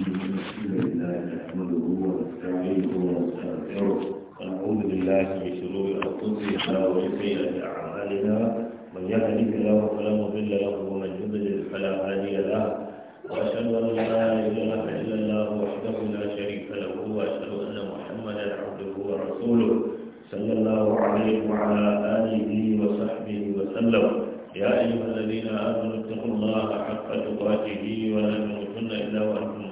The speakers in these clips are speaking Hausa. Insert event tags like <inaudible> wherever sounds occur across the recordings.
الحمد لله نحمده ونستعينه ونستغفره ونعوذ بالله من شرور انفسنا ومن سيئات اعمالنا من يهده الله فلا مضل له ومن يضلل فلا هادي له واشهد ان لا اله الا الله وحده لا شريك له واشهد ان محمدا عبده ورسوله صلى الله عليه وعلى اله وصحبه وسلم يا ايها الذين امنوا اتقوا الله حق تقاته ولا تموتن الا وانتم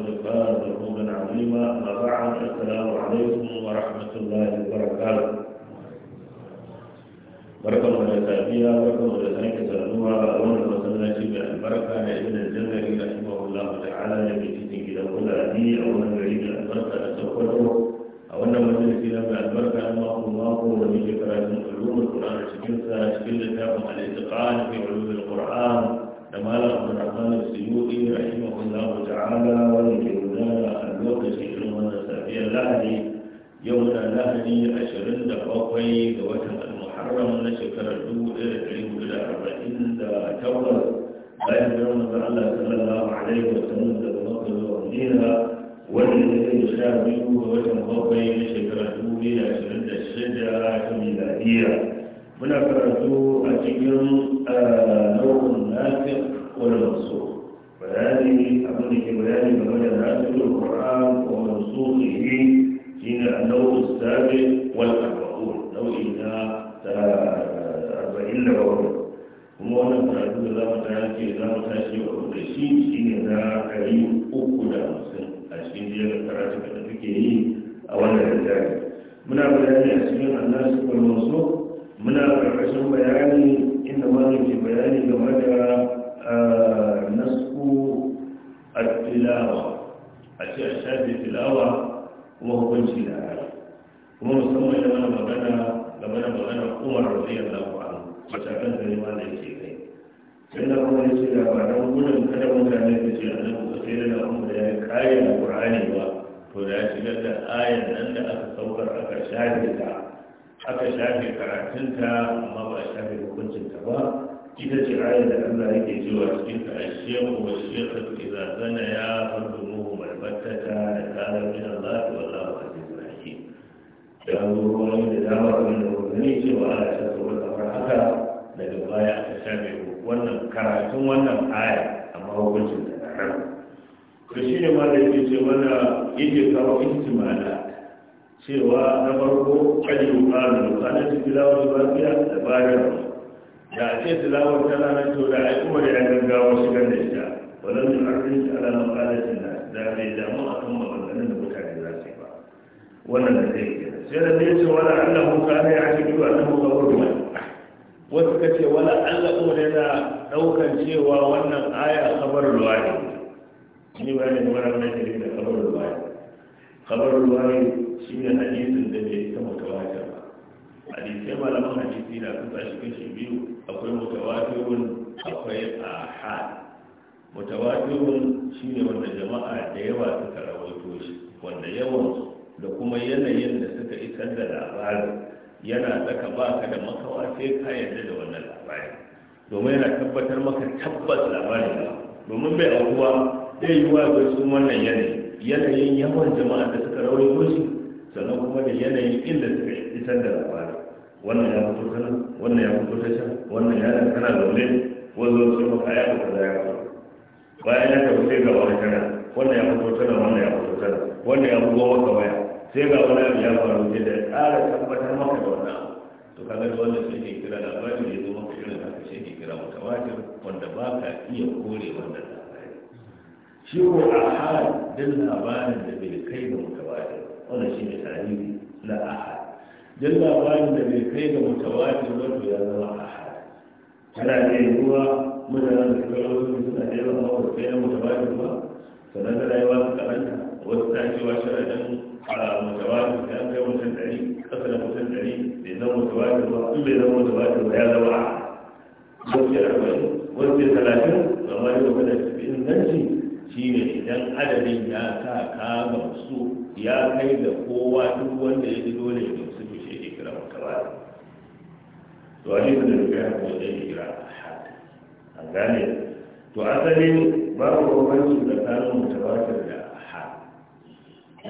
فاز فوزا عظيما اما بعد السلام عليكم ورحمه الله وبركاته barka mu da safiya barka mu da sake saduwa a wannan masallaci mai albarka da ibn al-jazari rahimahullah ta'ala da ke cikin gidan kulabi a wannan gari da albarka da sokoto a wannan majalisi na mai albarka na mako mako da muke karatun ulumul qur'an cikin sa cikin littafin al-itqan fi ulumul qur'an كما لا عبد الرحمن السيوطي رحمه الله تعالى والجوزاء الوقت إلو من سافية لهدي يوم لهدي أشرين دقاقي دوتم المحرم نشكر الدول قريب إلى أربعين توقف بين يوم صلى الله عليه وسلم دقاقي ومدينها والذي يشابه دوتم قاقي نشكر الدول إلى أشرين دشدة ميلادية هناك رجوع أجل نور النافق والمنصوخ فهذه أقول لك بيان بمعنى نافق القرآن ومنصوخه هنا النور السابع والأربعون لو إلى أربعين لغوية ومعنى فرد الله تعالى في الإسلام تاشي وقرشي إن هذا كريم أقود أمسن أشكين ديال التراجع كتبكي أولا من أبو الناس والمنصوخ muna ƙarƙashin bayani inda malam ke bayani game da eh, nasku a filawa, a ce a shafi filawa, kuma hukunci da hali kuma musamman da mana magana game da magana umar rafiyar lafa matakan da ma da yake kai sai na kuma ya da ba don gudun kada mutane da ce a nan ba sai da umar da ya kayan qur'ani ba to da ya shigar da ayan nan da aka saukar aka shafe ta aka shafe karatunta amma ba a shafe hukuncinta ba ita ce ayar da Allah yake cewa cikin ta ashehu wa shekatu ke zana ya mu malbatata da kalar min Allah wa Allah wa azizul zaki da ruwan da dama wanda gani cewa ana shafe wata haka daga baya aka shafe wannan karatun wannan aya amma hukuncin ta da ran to ne ma da yake ce mana yake kawo ihtimala cewa na farko kaji rufaru rufanar su lawar lafiya da bayan da a ce tilawar tana na to da ai kuma da ya gaggawa shigar da ita wannan su arzikin shi ala mafalatin na da bai damu a kan maganganun da mutane za su yi ba wannan da zai yi sai da zai ce wala allah mu ka a cikin wannan mu kawar ruwa wasu ka ce wala allah kuma yana daukan cewa wannan aya kabar ruwa ne ni ba ne wani mai da kabar ruwa ne kabar ruwa ne shi ne hadisin da bai ta mutawatir ba hadisai malaman hadisi na kusa shi kashi biyu akwai mutawatirun akwai ahad mutawatirun shi ne wanda jama'a da yawa suka rawaito shi wanda yawan da kuma yanayin da suka isar da labarin yana saka baka da makawa sai ka yarda da wannan labarin domin yana tabbatar maka tabbas labarin ba domin bai aukuwa zai yi wa sun wannan yanayi yanayin yawan jama'a da suka rawaito shi sannan kuma da yanayin inda suka isar da labarin wannan ya fito kana wannan ya fito ta wannan ya nan kana zaune wanzo sai maka ya fito da ya fito bayan ya tafi sai ga wani kana wannan ya fito tana wannan ya fito tana wannan ya fito maka waya sai ga wani abu ya faru sai da ƙara tabbatar maka da wannan abu to kaga da wannan ke kira labarin da ya zo maka irin haka sai ke kira mutawatir wanda ba ka iya kore wannan labari shi ko a halin labarin da bai kai da mutawatir wannan shi ne tarihi na ahad duk labarin da bai kai ga mutawatir ba to ya zama ahad ana iya yiwuwa mutanen da suka rasu suna da yawan hawa da kai mutawatir ba sannan da rayuwa su karanta wasu ta cewa sharaɗin a mutawatir da an kai mutum ɗari ƙasa da mutum ɗari bai zama mutawatir ba in bai zama mutawatir ba ya zama ahad wasu ya arba'in wasu ya talatin amma yau kada su fi inganci shine idan adadin ya sa kama su ya kai da kowa duk wanda ya ji dole ya su ke shi ikira maka ba to a da daga ya kuma zai ikira a gane to asalin babu bambanci tsakanin mutawatir da ahad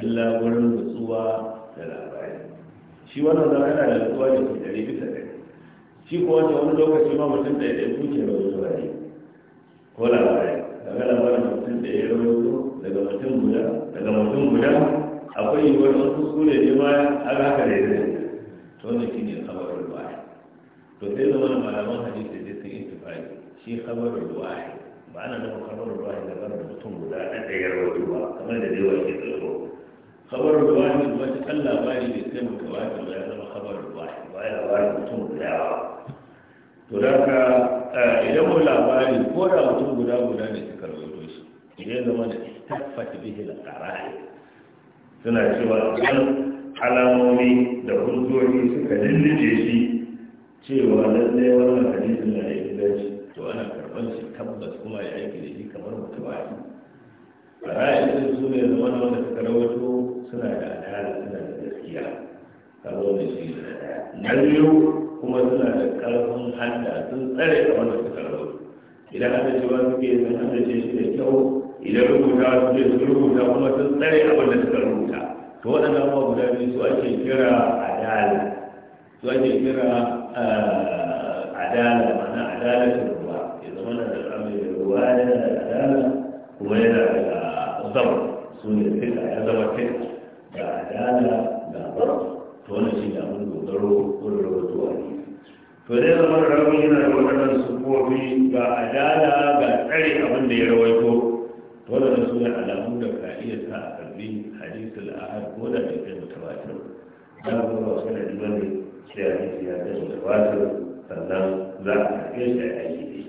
illa wurin nutsuwa da labari shi wannan zama yana da nutsuwa da ke dari bisa dari shi ko wani lokaci ma mutum da ya ɗaya kuke da wani labari ko labari daga labarin hadisin da ya rawaito daga mutum guda daga mutum guda akwai yiwuwar an kuskure ne ma an haka da ya to wannan shi ne khabarul ruwa to sai zama da malaman hadisi da sun ittifaqi shi khabarul wahid ba ana nufin khabarul wahid da da mutum guda ɗan da ya rawaito kamar da dai wani ke tsoro khabarul wahid wata kan labari da sai muka ba ya zama ba ya labarin mutum guda ba to da ka eh, idan mu labari ko da mutum guda guda ne suka ya zama da istafat bihi da qarai suna cewa wannan alamomi da hujjoji suka lulluje shi cewa lallai wannan hadisi na da inganci to ana karban shi tabbas kuma ya aiki da shi kamar mutawaki qara'i sun su ne zama wanda suka rawato suna da adala suna da gaskiya kazo da shi da na biyu kuma suna da karfin hanta sun tsare kamar da suka rawato idan aka ce ba suke zan hada ce shi da kyau idan rubuta su ne sun rubuta kuma sun tsare abin da suka rubuta to waɗannan abubuwa guda biyu su ake kira adala su ake kira adala mana adala ta ruwa ya zama na da amai ruwa yana da adala kuma yana da zama su ne fita ya zama fita da adala da zama to wannan shi ne abin dogaro wurin rubutu a ne to dai zama da rabin yana da waɗannan sufofi ga adala ga tsare abin da ya rawaito wannan su ne alamu da ka iya sa a karbi hadisul ahad ko da bai kai mutawatir da ba ba sai da dole sai hadisi ya kai mutawatir sannan za a karbe shi a aiki ne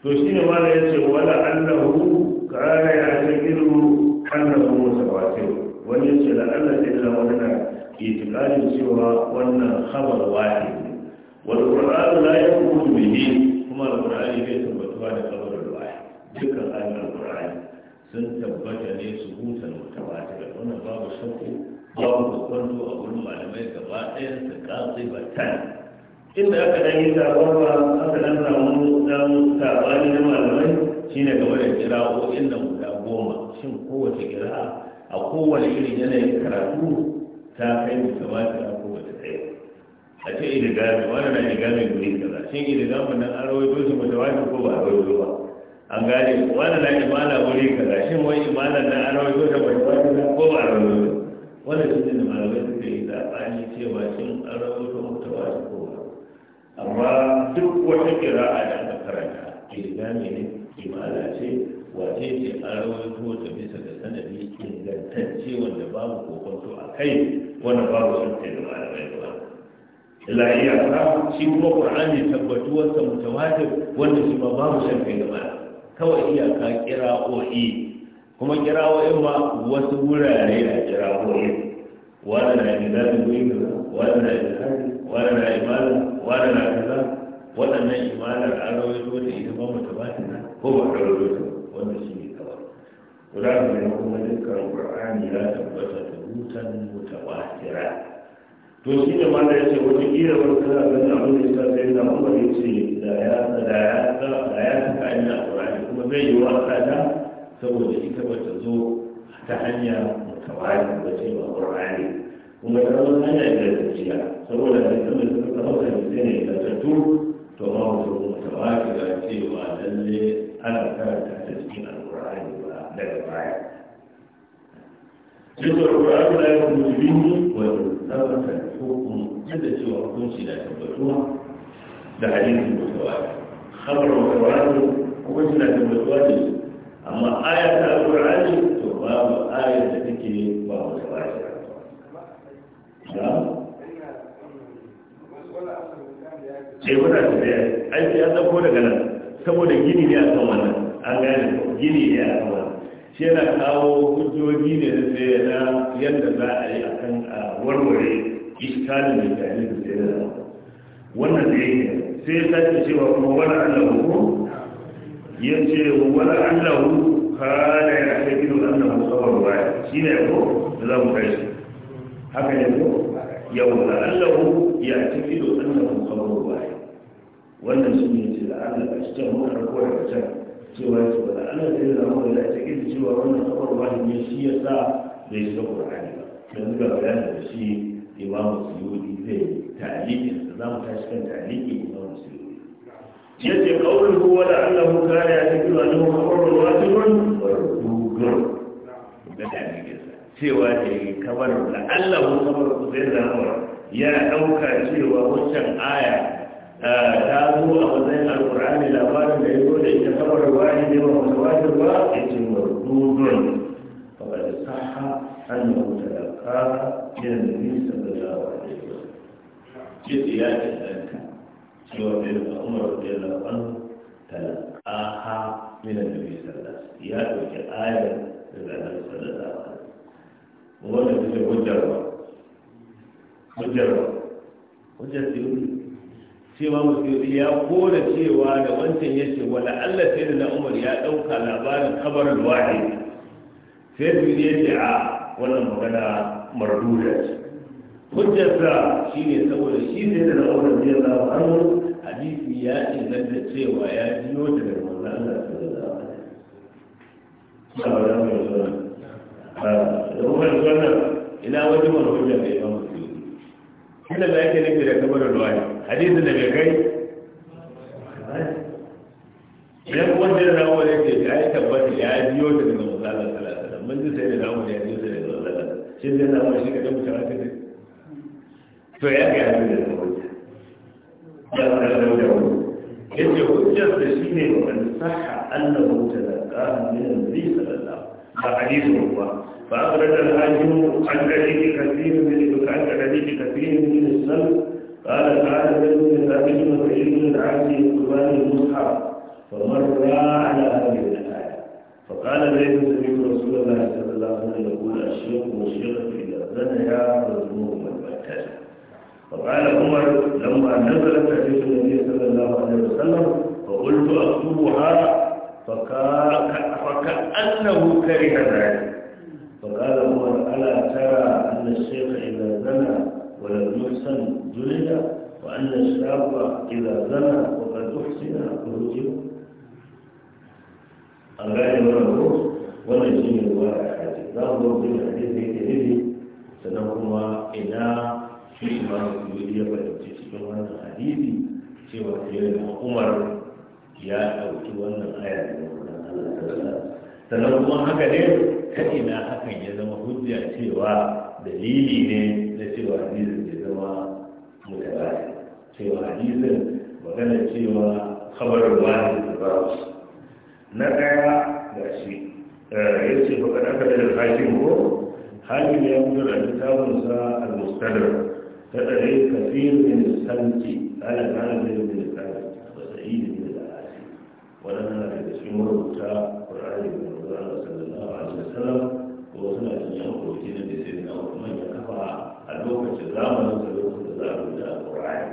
to shi ne wala ya ce wala annahu kana ya takiru annahu mutawatir wani ya ce la'alla sai da wannan itikadin cewa wannan khabar wahid wal qur'an la yakhruju bihi kuma al-qur'ani bai tabbatuwa da khabar dukkan ayyukan alkur'ani sun tabbata ne su huta na mutawatir wannan babu shakku babu kokwanto a wurin malamai gaba ɗaya su katsi ba tan inda aka dan yi sabawa aka dan samu dan sabani na malamai shine game da kira'o'in nan guda goma shin kowace kira'a a kowane irin yanayin karatu ta kai mutawatir ko bata kai a ce idigami wannan na idigami guri kaza shin idigamin nan an rawaito shi mutawatir ko ba a rawaito ba an gane wannan na imana wuri kaza shin wani imana na an rawaito da ba wani ko ba rawaito Wani shi ne malamai suka yi ce ba shi an rawaito mutawa shi ko ba amma duk wata kira a da karanta ilgami ne imana ce wace ce an ko ta bisa ga sanadi ingantacce wanda babu kokonto a kai wanda babu sun ce da malamai ba la iya shi kuma qur'ani tabbatuwarsa mutawatir wanda shi ba babu shan kai da malamai kawai iyaka kira'o'i kuma kira'o'in ma wasu wurare na kira'o'in wanda na gida da gwiwa wanda na jihari wanda na imala wanda na kaza waɗannan imalar an rawaito da ita ba mu tabata na ko ba rawaito wanda shi ne kawai guda da kuma dukkan qur'ani ya tabbata da hutan mutawatira to shi ne ma da ya ce wata kira wani tana ganin abin da ya sai na umar ya ce da ya da ya da ya ta kayan a ƙurani kuma zai yi wa tsada saboda ita ba ta zo ta hanya mutawari ba ce ba ƙurani kuma ta zama hanya ingantacciya saboda da ita mai suka kawo da ita ne ingantattu to ma wasu mutawari ga cewa lalle ana karanta ta cikin alƙurani ba daga baya. Yusuf Al-Qur'an la yakunu bihi wa la hukum yadda cewa hukunci na tabbatuwa da hadisin mutawatir khabar mutawatir hukunci na tabbatuwa da su amma aya ta to babu ayar da take ba mu da ce an dauko daga nan saboda gini ne a kan a kan wannan shi yana kawo hujjoji ne da sai na yadda za a yi a warware iskalin da ke ajiyar sai da wannan da yake sai ya ce cewa kuma wani allahu ya ce wani allahu kada ya ake gido annahu kawar baya shi ne ko da za mu kai shi haka ne ko yau da allahu ya ake gido annahu kawar baya wannan shi ne ce a cikin mutar ko da can cewa ya ce ba la'adar da ya zama da ya ake cewa wannan kawar baya ne shi ya sa da ya shiga ba yanzu ga da shi imamu suyudi zai talikin za mu tashi kan talikin imamu suyudi ya ce kawai ko da allah mu kare ya cikin wani hukumar wajibin barbugar da talikinsa cewa da ya kamar da allah mu kamar ku zai zama ya ɗauka cewa wancan aya ta zo a matsayin alkur'ani labarin da ya zo da ita kamar wani ne ba masu wajen ba ya ce barbugar kamar da saha an yi mutane ka yin nisa da dawa da yau ce da ya ce dan ka cewa bai da umar bai da wani talaka ha mina da bai sallah ya ɗauki ayar da ga nan sallah da wani wanda ta ce hujjarwa hujjarwa hujjar ta cewa musu ya kora cewa da wancan ya ce allah sai da umar ya ɗauka labarin kabarin wahid sai su ya ce a wannan magana mardudat hujjarsa shi ne saboda shi ne da na'urar zai zama hannu hadisi ya inganta cewa ya jiyo daga manzan Allah su da zama saboda mai zuwa da kuma da wannan ina wajen wani hujja mai ba mutu inda da yake nufi da kamar da wani hadisi da bai kai idan wanda da na'urar yake ya tabbata ya jiyo daga manzan Allah su da zama mun ji sai da na'urar ya jiyo shi zai samu shi kaɗan mutum a cikin to ya ga yanzu da wani ya ga da wani ya ce hujjar da shi ne wani saha annabu talaka min nabi sallallahu ba hadisu ba fa akhraja al-hakim an kadhi kathir min al-bukhari kadhi kathir min da sunan قال تعالى من ثابت العبد قرآن المصحف فمر على هذه فقال ليس النبي رسول الله صلى الله عليه وسلم يقول الشيخ وشيخة إذا زنيا من فالمعتاد فقال عمر لما نزلت حديث النبي صلى الله عليه وسلم فقلت أكتبها فكأنه كره ذلك فقال عمر ألا ترى أن الشيخ إذا زنى ولم يحسن جلد وأن الشاب إذا زنى وقد أحسن رجمه an gane wannan ko wannan shi ne ruwa a hadisi za mu ga wani hadisi da yake sannan kuma ina shi ma ya fahimci cikin wannan hadisi cewa sai da umar ya ɗauki wannan aya da wannan Allah sannan kuma haka ne Ka ina hakan ya zama hujja cewa dalili ne na cewa hadisin ya zama mutabari cewa hadisin magana cewa khabarin wani da ba na ɗaya ga shi eh, ya ce baka ɗaka da hakim ko hakim ya mutu da littafinsa al-mustadar ta ɗare kafir min santi ala kana da min kana wa sa'id min al-asi wannan da cikin marubuta qur'ani da Allah sallallahu alaihi wasallam ko suna cikin hukunci da sai na Uthman ya kafa a lokacin zamanin da lokacin da za a rubuta qur'ani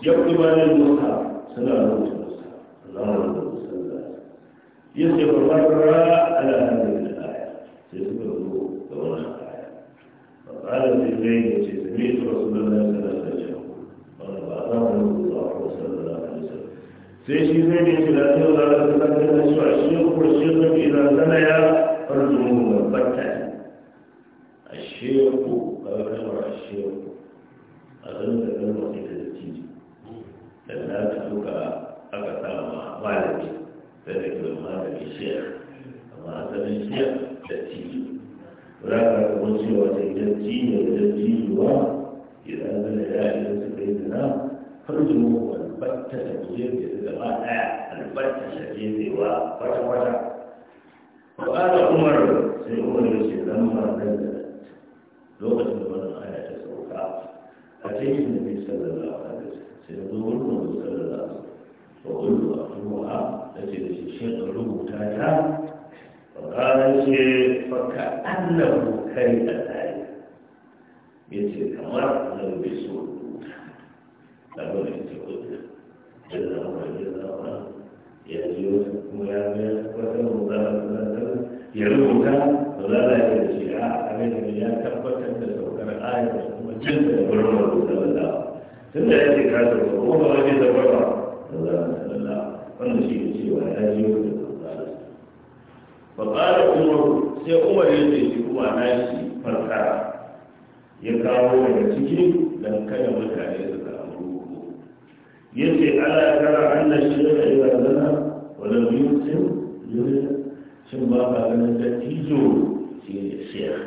yau ibadul musa suna rubuta musa Allah yace ba barra ala hadhihi sai suka zo ga wannan zai ne ce sai rasulullahi da alaihi wasallam wa ba Allah sallallahu alaihi wasallam sai shi zai ne ce da Allah sallallahu alaihi wasallam shi ko shi da idan sana ya farzu mu batta asheku kalmar asheku a zan da kalmar da ta ci da na ta duka aka sama malami ذلك لما لم شيخ أما أنت من شيخ تأتيه ولا تقول وتجتيه وتجتيه إذا بلغ إلى سيدنا فرجوا والبتة تجيب الزمان البتة تجيب وفتح فتح وقال عمر سيقول يوسف لما نزلت لغة من آية سوقات أتيت النبي صلى الله عليه وسلم سيقول صلى الله عليه وسلم وقلت أطلوها التي الشيخ علوم تاتا فقال شيء فكأنه كره ذلك يتي كما لو بسوء لابد أن تقول جزا الله جزا الله يجوز ميامير وتنو ذلك يلوم ذلك ولا لا يجي أعلم يا تبتك تسوكر آية وجزا الله جزا الله تنو يجي كاتب وما يجي تبتك وسلم على الله ونشيء ya هذه فقال عمر سي عمر يجي هو ناشي فرقا يكاو من cikin dan kada mutane su samu yace ala tara anna shirka ila zana wa biyu yusim yurida shin ba ka ganin da tijo shi ne shekh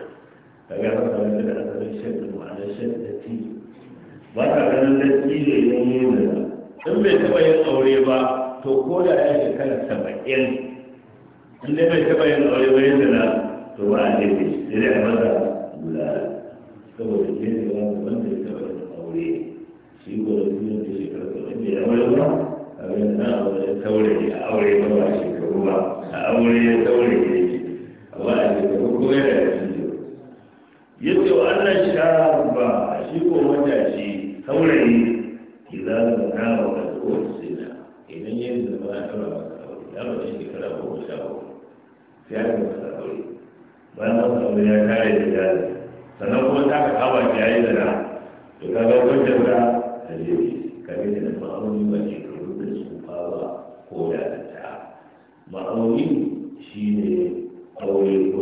kaga ka ganin da aka shekh ma'ana shekh da tijo ba ka ganin da tijo ne ne in bai taɓa yin aure ba to ko da ya shekara saba'in in dai bai taɓa yin aure ba yadda na to ba a jefe shi sai dai a maza guda saboda ke da wanda ya taɓa yin aure shi ko da kuma da shekara saba'in bai aure ba abin na aure ya taure a aure ba ba shekaru ba a aure ya taure ne yi ba a shekaru ko ya da shi ya ce wa Allah shi ba shi ko taure ne إذا كان وقد أرسل إذن يجب ما أمر مسأولي أمر شكرا هو شاور في هذا مسأولي bayan masarauta ya kare da jari sannan kuma ta ka kawo ki yayi da na to ka ga wajen da ta je ka ga ma'auni ba ke da su ko da ta shine aure ko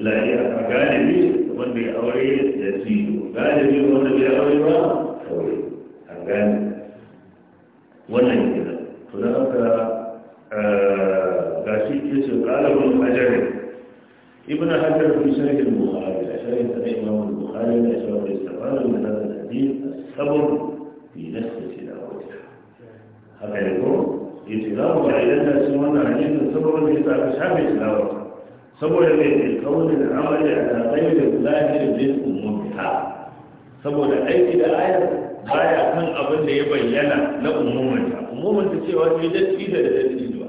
da ya ka gane wanda ya aure da tido gane ne wanda ya aure aure gane wannan yi gina to da aka ga shi ke ce ƙalabin ajiyar ibn hajar fi sharhin buhari a sharhin sa na imam buhari da shawar istabanu da nan da hadin sabon fi nasta ce da wata haka ne ko ya ce za mu ga idan da shi wannan hadisin sabon da ya sa aka shafe tilawar saboda mai tilkawar da amali a tsaye da zahirin bin umumiha saboda aiki da ayar baya kan abin da ya bayyana na umumin ta umumin ta cewa ne da dattijo da dattijuwa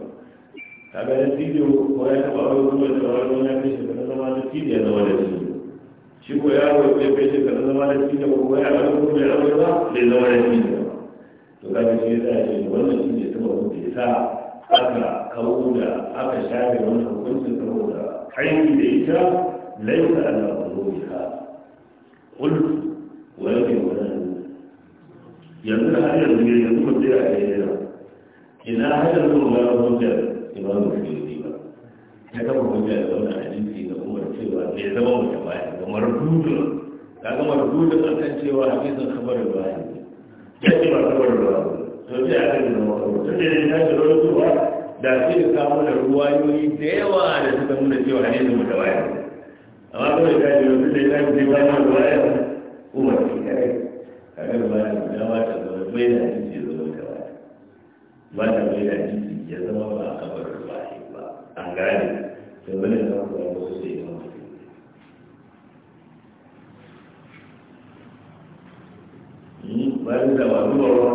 kaga dattijo ko ya taba wani kuma da wani ya kai da zama da dattijo ya zama dattijo shi ko ya wai kai kai da zama da dattijo ko ya wani kuma ya wai ba da zama da dattijo to kaga shi ya ce wannan shi ne saboda ku ya sa aka kawo da aka shafe wannan hukuncin saboda aiki da ita laisa ala umuriha qul walakin wannan yanzu har yanzu ne yanzu mutum ya ayyana ina har yanzu ba ga hujjar imamu suyuti ba ta kama hujjar da wannan hadisi ga umar cewa zai zama wata baya ga mardudun ka ga mardudun an kan cewa hadisin khabarin baya ne ya ce ba khabarin baya to sai aka yi zama khabarin tun da ya tashi rawaitowa da sai ya samu da ruwayoyi da yawa da suka nuna cewa hadisin mutabaya amma kawai ta ce yanzu da ya tashi zai ba mu ruwaya umar shi kare kaga da baya guda ba ta zama bai da hadisi ya zama gaba ba ta bai da hadisi ya zama ba a kabar ba ba an gane to wani da zama ba wasu sai ya hmm, ba bayan da ba zuwa ba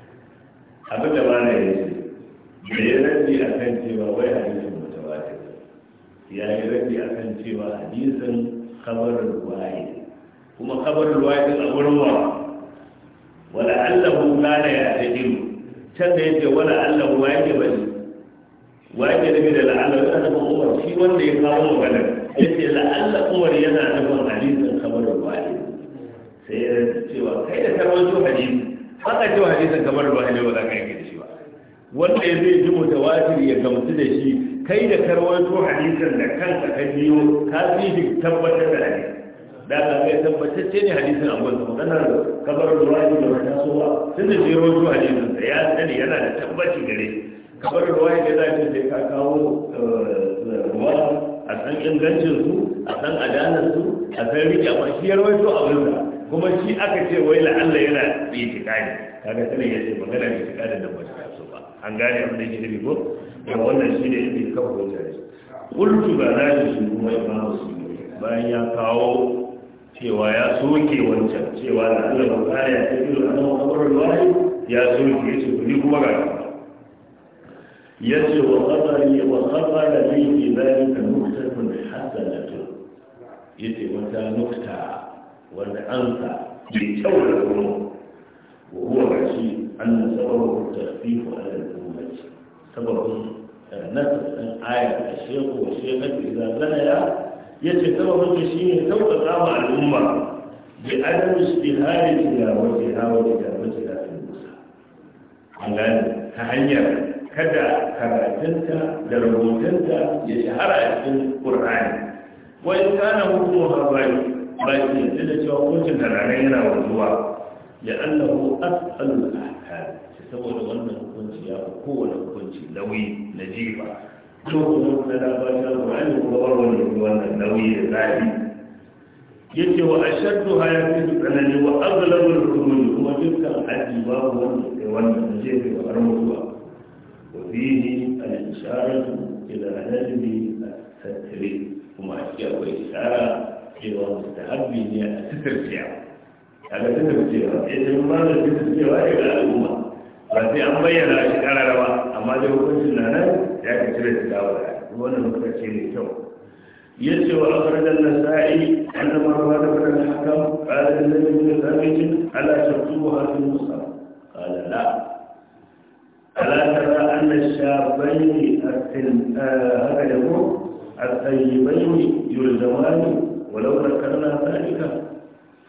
<laughs> abin da ba na yi da ya rabi a kan cewa wai hadisin mutawatir ya yi rabi a kan cewa hadisin kabarin wahid kuma kabarin wahidin a wurin wa wala allahu kana ya tajin can da yake wala allahu wa yake bane wa yake bi da la'allahu yana nufin umar shi wanda ya kawo maganar yace la'alla umar yana nufin hadisin kabarin wahidin sai ya cewa kai da tarwato hadisi haka cewa hadisin kabarin wahidin ba za ka yanke shi ba wanda ya zai ji mutawatir ya gamsu da shi kai da karwato hadisin da kanka ka biyo ka fi tabbatar da hadisi da ka ga tabbatacce ne hadisin abuwan da kabar kabarar ruwayi da wata sowa sun da shi rojo hadisin da ya sani yana da tabbaci gare kabar ruwayi da za ta sai ka kawo eh, ruwa a san ingancin su a san adanar su a san rike amma shi ya rawaito abin da kuma shi aka ce wai allah yana itikadi kaga sani ya ce magana itikadi da ba ta so ba an gane abin da yake nufi ko wannan shi ne yake kafa hujja kultu ba za shi kuma imam muslim bayan ya kawo cewa ya soke wancan cewa da Allah ba kare ya tafi da Allah ba kare wani ya soke su ni kuma ga yace wa qadari wa qadara bi zalika nuktatun hasanatun yace wata nukta wanda ansa bi kyau da kuma wa huwa gashi an sababu tarfifu ala al-ummah sababun eh, nasr an ayat ash-shaykh wa shaykhatu idza zanaya يتكلم في سنة توقف على الأمة بعدم استهالتنا وتهاوتنا وجهها في المسا على تهيئة كدا كراتنتا دربوتنتا يشهر أسفل القرآن وإن كان مطلوها بأي بأي سنة وقوتنا العنين والدواء لأنه أثقل الأحكام تتوقع أنه كنت يا أقول كنت لوي نجيبا lokacin da na bata wani kowar wani wannan nauyi da zafi ya ce wa ashaddu haya fi tsanani wa aglabar rumuni kuma dukkan aji babu wanda sai wannan je fi har mutuwa wa fihi al-isharatu ila hadbi at-tatri kuma a cikin akwai isara cewa mustahabbi ne a sitirciya kaga sitirciya ya ce ma da sitirciya ga al'umma ba sai an bayyana shi karara ba amma dai hukuncin na nan ya ka cire shi dawo da wannan lokaci ne kyau ya ce wa akarajar nasa'i an da marwa da wannan hakan ƙalar da zai yi sabitin ala shabtu wa hafin musa ƙalar la ala tara an a shabaini eh, haka da mu, a tsayibaini yurzamani walau da karna zalika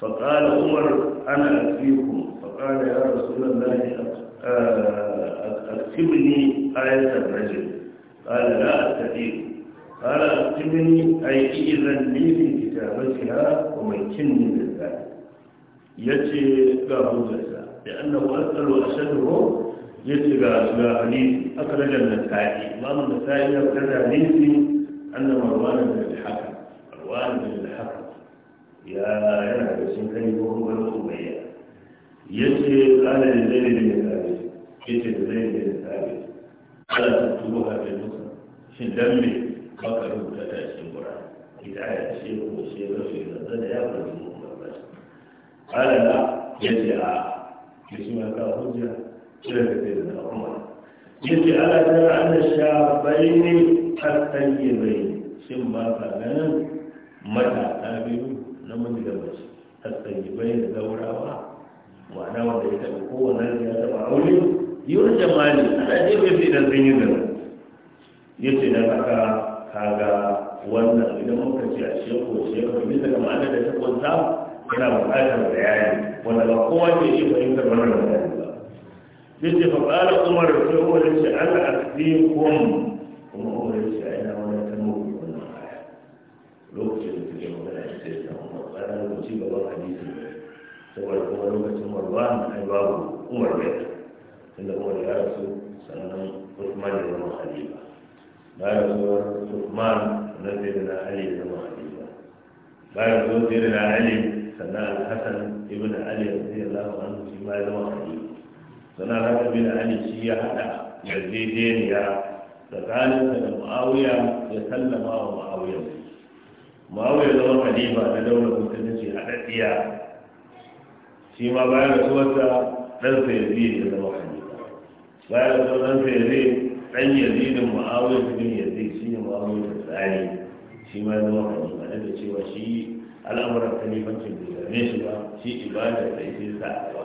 فقال عمر انا اكفيكم فقال يا رسول الله آه، أكتبني آية الرجل قال لا أستطيع قال أكتبني أي إذن لي في كتابتها ومكنني من ذلك يأتي قابوزة لأنه أسأل وأشده يأتي قابوزة أخرج النسائي إمام النسائي أخرج حديثي أن مروان بن الحكم مروان بن الحكم يا يا بسم الله وهو بن أمية يأتي قال لزيد بن ثابت yace da zai yi da tsari ala tubu ha da musa shin dan me baka rubuta ta cikin qur'an ita ya ce ko sai rafi da zan ya fara mu ba shi. Ba ala ya yace a kishi ma ka hujja kira da zai da Ya ce ala an sha bai ne, anna shabaini at-tayyibain shin ba ka ganin matata biyu namiji da mace at bai da zaurawa ma'ana wanda ya taɓa kowane ya taɓa aure Yiwu jamani ana jefe sai idan sun da zina ya ce don haka kaga wannan idan muka ce a shekwa shekwa bisa ga ma'anar da ta kwanta yana buƙatar bayani wanda ba kowa ke iya fahimtar wannan bayani ba ya ce fa ƙara umar sai umar ya ce ala asikum kuma umar ya ce yana wani ta muku wannan aya lokacin da take magana ya ce ta umar ƙarar lokaci gaban hadisi saboda kuma lokacin marwa na ai babu umar bai inda umar ya rasu sannan usman ya zama khalifa bayan zuwar usman sannan sai da na ali ya zama khalifa bayan zuwar sai da na ali sannan al-hasan ibn ali radiyallahu anhu shi ma ya zama khalifa sannan al-hasan ibn ali shi ya hada yarjejeniya tsakaninsa da muawiya ya sallama wa muawiya muawiya zama khalifa na daular musulunci haɗaɗɗiya shi ma bayan rasuwarsa ɗansa yazid ya zama khalifa bayan da sauran fere ɗan yazidin mu'awiyar bin yazid shi ne mu'awiyar tsari shi ma ya zama khalifa da cewa shi al'amuran khalifancin bai same shi ba shi ibada da ita sa a ba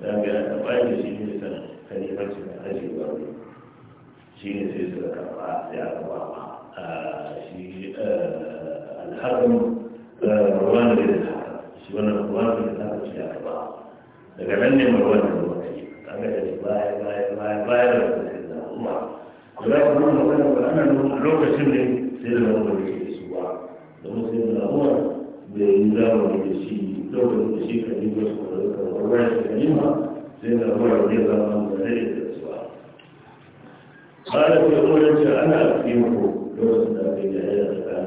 za ga yana tabbayar da shi ne san khalifancin da ake ba shi ne sai suka karɓa ya karɓa ma shi alhakan ruwan da ya shi wannan ruwan da ya karɓa daga nan ne ruwan da ya karɓa kaga da baya baya baya baya da al'umma da ya kuma magana ba ana lokacin ne sai da wani wani ke su ba domin sai da al'umma da yi zama da shi lokacin da shi kan yi wasu kwararwa kwararwa shi kan yi ma sai da al'umma da ya zama da zai da su ba قال في قولك أنا أقيمه لو أن في جاهلة كان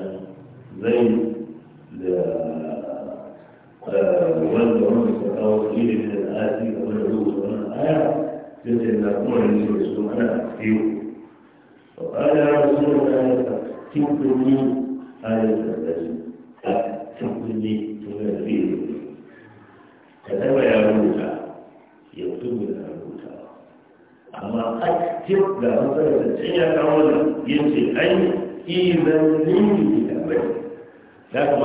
زين ل والد عمر أو قيل من الآتي ومن عود ومن aya sai sai na kuma yin su da su ana biyu to aya su da aya ta tinkuni aya ta daji ta tinkuni to da biyu ka taba ya rubuta ya tubu da rubuta amma aktif da masarar da can ya kawo da da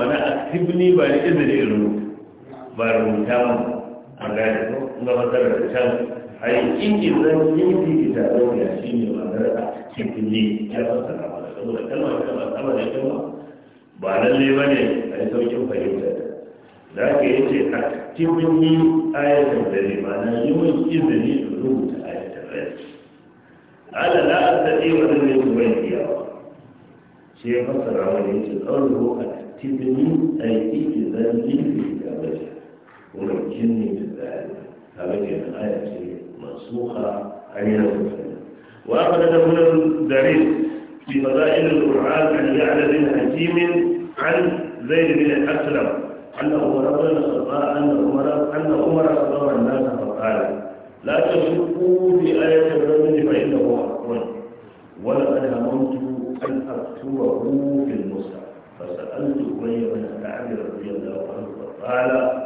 bai da ba gabatar da can a yi cikin zan yi da ta zaune shi ne ma'anar a cikin ne ya fasa na mana saboda kalmar ta ba sama da kalma ba lalle ba ne a yi saukin fahimta da aka yi ce a cikin yi ayatar da ne ma'ana yawan izini da rubuta ayatar da ne ala la a tsaye wa zan yi kuma iyawa shi ya fasa na mana ya ce tsawon a cikin yi a yi cikin zan yi da ta zaune kuma kin ne da zai هذه الآية منسوخة عليها وأخذ هنا الدليل في فضائل القرآن عن يعلى بن حكيم عن زيد بن أسلم أن عمر بن الخطاب أن عمر أن عمر خطاب الناس فقال لا تشكوا بآية الرجل فإنه حق ولقد هممت أن أكتبه في المصحف فسألت أبي بن كعب رضي الله عنه فقال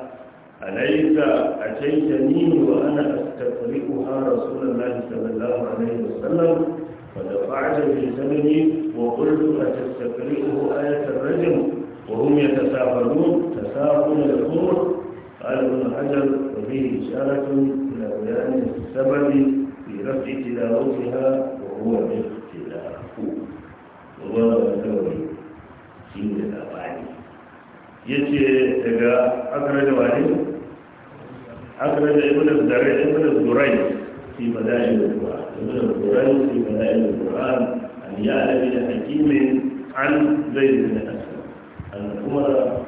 أليس أتيتني وأنا أستقرئها رسول الله صلى الله عليه وسلم فدفعت في زمني وقلت أتستقرئه آية الرجم وهم يتسافرون تسافر يقول قال ابن حجر وفيه إشارة إلى بيان السبب في رفع تلاوتها وهو الاختلاف وهو الدوري شيء الأبعاد يجي تجا أخرج وعليه أخرج ابن الزرع ابن الزرعي في مدائن القرآن ابن الزرعي في مدائن القرآن أن يعلم حكيم عن زيد بن أسلم أن عمر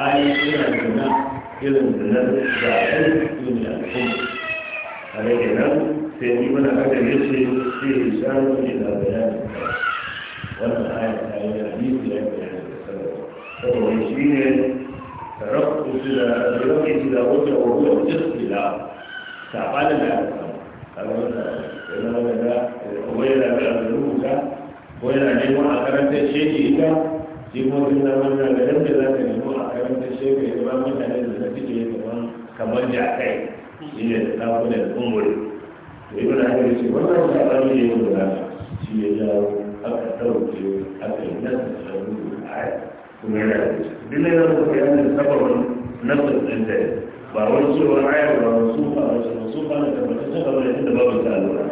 alhali suna zina irin zinar da su ne al'umma a da kenan sai yi mana haka ya ce shi shanu ne da bayanin wannan ayat ta yi hadisi ya bayanin da sallallahu saboda shi ne tarakku sila tarakku sila wata wa huwa jisila sabanin da aka samu a wannan yana da wani da aka rubuta wani na neman a karantar sheki ita jimokin na wannan da yadda za ka nemo a karanta shekaru ya ba mutane da na fice kamar da kai shi ne da tafi da kumburi da yi wani hanyar ce wannan sabani ne yi da shi ya jawo aka ɗauke aka yi nasa da a haya kuma yana da shi duk da yana da yanar sababin nasa ba wani cewa haya ba wani sufa ba wani sufa na tabbatar ta kamar yadda babu ta lura.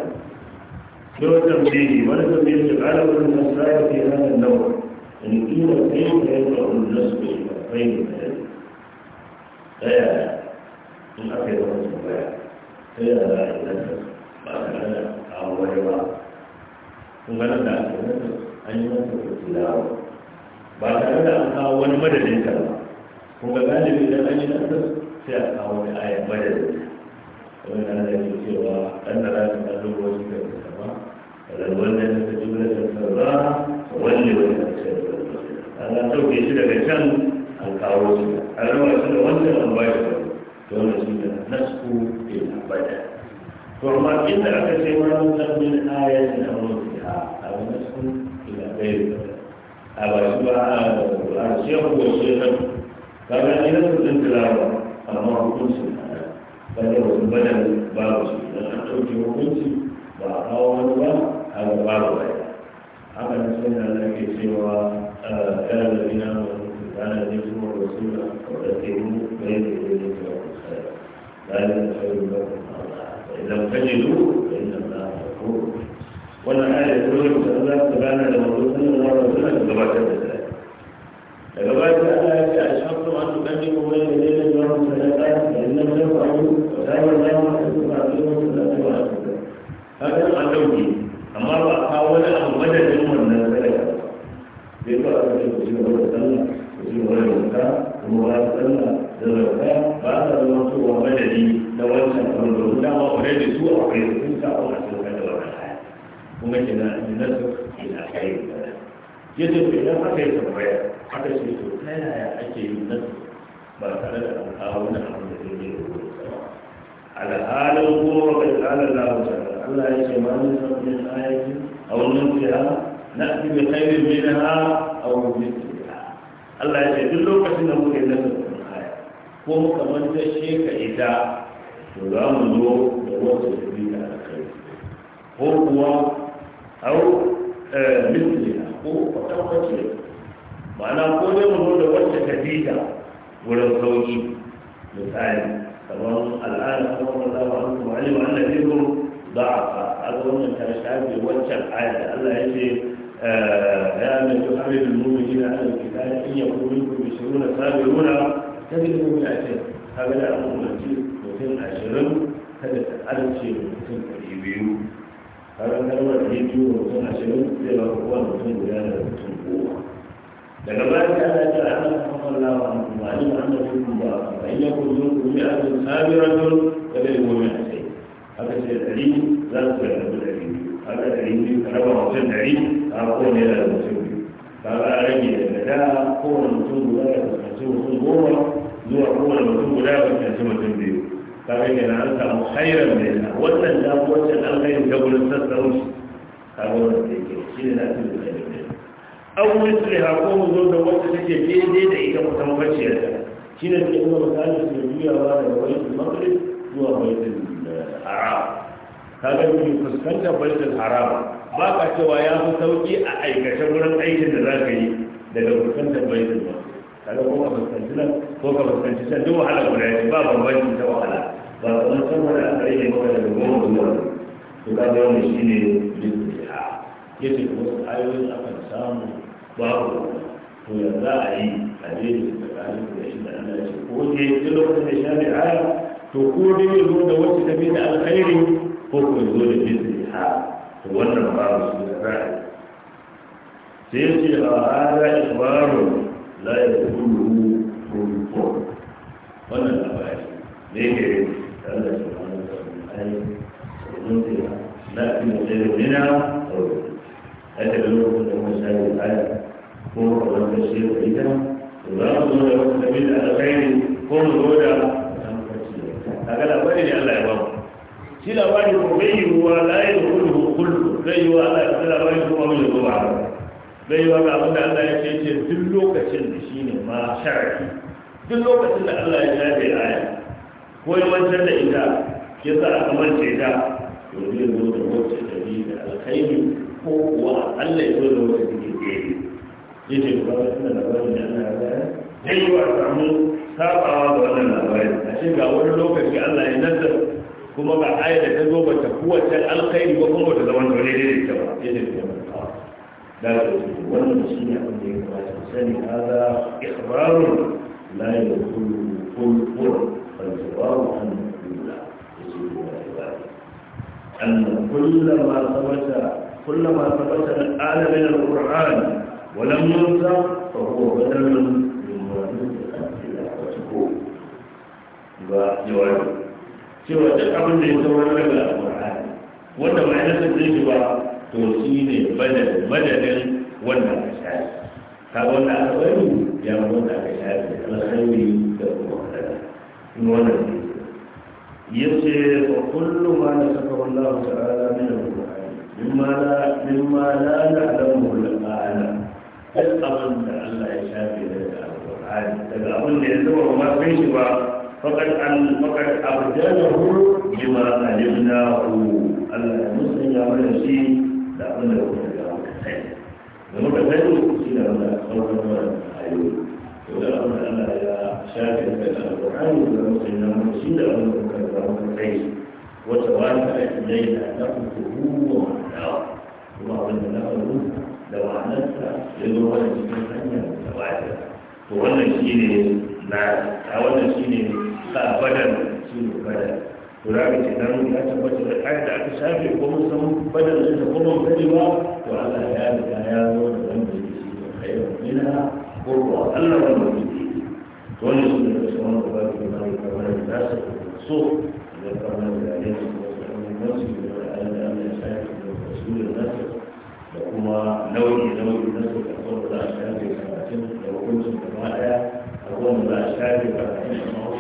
Yau tambayi wani tambayi ce ƙara wani nasa ya fi hannun nawa الكيلو كيف يدعو النصب الكفين من فيا من أكيد وصفا فيا لا ينفس فأنا أولوا وأنا لا ينفس a ينفس التلاوة ba tare da an kawo wani madadin ka ba kuma galibi idan an yi nasar sai a kawo wani ayan madadin wani na da ke cewa an da rasu a duk wani da sama da wannan da ta jibla da sarra wani wani an tauke shi daga can an kawo shi a rama shi da wancan an ba shi da wannan shi da nasku bil abada to amma inda aka ce wa nan min ayatin amruha a nasku ila bayr a ba shi ba a shi ko shi nan kaga ni da kudin tilawa amma hukunci ba da wani badal ba shi dan an ɗauke hukunci ba a kawo wani ba a babu ba haka da sai da Allah ke cewa kana da ina kana da su rasula da ke mu mai da ke da su ذلك خير لكم فإذا تجدوا فإن الله غفور wannan ayar da kuma da Allah ta gana da manzo sallallahu alaihi wasallam da gabatar da ta da gabatar da Allah ya ce ashhadu an tuqaddimu bayna yadayi Allahi sadaqat fa in lam taf'alu fa ta'ala Allahu akbar fa ta'ala Allahu akbar haka an dauke amma ba a kawo wani abu madadin sai ba a ce ku ci gaba da sallah ku ci gaba da ba da sallah da ba madadi na wancan da da su a kai sun sa a wasu da aya kuma kina ina su kai ya ce ku idan aka yi tambaya aka ce to ta yaya ake yin nasu ba tare da an kawo wani da zai yi alhalin kuma lafiya Allah ya ce ma a wannan نأتي بخير منها أو بمثلها الله يجعل لك أن أقول لك كم كمان تشيك إذا سلام الله وصل بك على خير هو أو آه، مثلها هو فتوقع شيء معنى كل يوم هو لوجه جديدة ولو سوشي مثال تمام الآن أمر الله عنكم علم أن دينكم ضعف هذا هو من كان شعبي وجه الحاجة الله يجعل يا من تحمل المؤمنين على الكفاية إن يكون منكم عشرون صابرون تجدوا من عشرة هذا لا أمر mutum ashirin kada ta alce mutum ɗari biyu har kalmar ɗari biyu mutum ashirin zai ba kowa mutum guda da mutum goma daga baya ta ala ta ala kamala wa amfani wa an da hukun ba a yi yakun zun kuri a zun sabirar zun kada yi goma ɗari za su yarda da ɗari kaga ɗari biyu ka raba mutum ɗari ka kowane yana da mutum biyu kaga an rage daga da kowane mutum guda ya fuskanci mutum goma zuwa kowane mutum guda ya fuskanci mutum biyu kaga yana an samu hairar mai na wannan da wancan alkhairin ta gurin sassauci kaga wannan da yake shi ne na cikin da ya an misali hako mu zo da wacce take daidai da ita mutum baciyarta shi ne ke nuna misali su juyawa daga wani magrib zuwa wani arab kaga bai fuskantar baitul haram ba ka cewa ya fi sauki a aikace wurin aikin da zaka yi daga fuskantar baitul ba kaga ko ka fuskanci nan ko ka fuskanci can duk wahala guda ne ba bambanci ta wahala ba kamar can wani a tsaye ne maka daga goma zuwa to ka ga wani shine lissiha yace wasu ayoyin akan samu ba ko to ya za a yi a da tsakanin da shi da Allah ya ce ko dai duk lokacin da ne aya to ko dai ya zo da wacce tafi da alkhairi ko ku zo da jinsi ha to wannan babu su da ra'ayi sai ya ce a hada ibaru la ya kullu kullu wannan shi ne ke da Allah subhanahu wa ta'ala domin sai la fi sayyidina haka da lokacin da mun shayi aya ko wannan kashi da ita to za mu zo da wata da alkhairi ko mu zo da kaga labari ne Allah ya ba mu shi labari ko bai yiwuwa layi da kullu kullu bai yiwuwa Allah ya tsira bai kuma mai yanzu ba bai yiwuwa ga abin da Allah ya ce ce duk lokacin da shi ne ma sharaki duk lokacin da Allah ya shafe aya ko ya wancan da ita ya sa aka mance ta to zai zo da wacce ta bi da alkhairi ko kuwa Allah ya zo da wacce take tsere yace ba wannan labarin da Allah ya bayar zai yi yiwuwa samu sabawa ga wannan labarin a shi ga wani lokaci Allah ya nazarta kuma ba a yi da ta zo ba ta kowace alkhairi ba kuma ta zama dole ne da ba ya da kuma da wannan shi ne abin da ya kamata ku sani hada ikhbarun la yakunu kullu فالجواب أن كل يجب العبادة أن كل ما ثبت كل ما ثبت الآن من القرآن ولم ينسى فهو بدل من مراد الدعوة وجواب cewa duk abin da ya sauran daga alƙur'ani wanda ba ya san shi ba to shi ne madadin wanda aka shafi ka wanda aka bari ya wanda aka shafi alkhairi da kuma hadara in wannan ne yace wa kullu ma nasakahu Allah ta'ala min al-Qur'an mimma la mimma la na'lamu al-ana duk abin da Allah ya shafi daga alƙur'ani daga abin da ya zama ma san shi ba فقد فقد أبدله بما علمناه أن المسلم يعمل شيء لا يكون ولا خير لما تزيد أيوه ولا أن أن يا شاكر من القرآن ولا مسلم مرسيد أو مكذب كيف وتوالى إلينا نقله ومعناه وما أن نقله لو عنتها لذو ولا تكون أن يتوالى وأن لا أولا ka badan shi ne badan to za ka ce nan ya tabbata da kayan da aka shafe ko mun san badan da ko mun sani ba to Allah ya riga ya zo da wanda yake shi ne kayan mina ko kuwa Allah wanda yake to wannan shi ne da shi wanda ba ka yi kamar da nasa so da kamar da ya yi wasu da Allah ya shafe da wasu da nasa da kuma nauyi nauyi na su da kuma za a shafe karatun da hukuncin gaba daya a kuma za a shafe karatun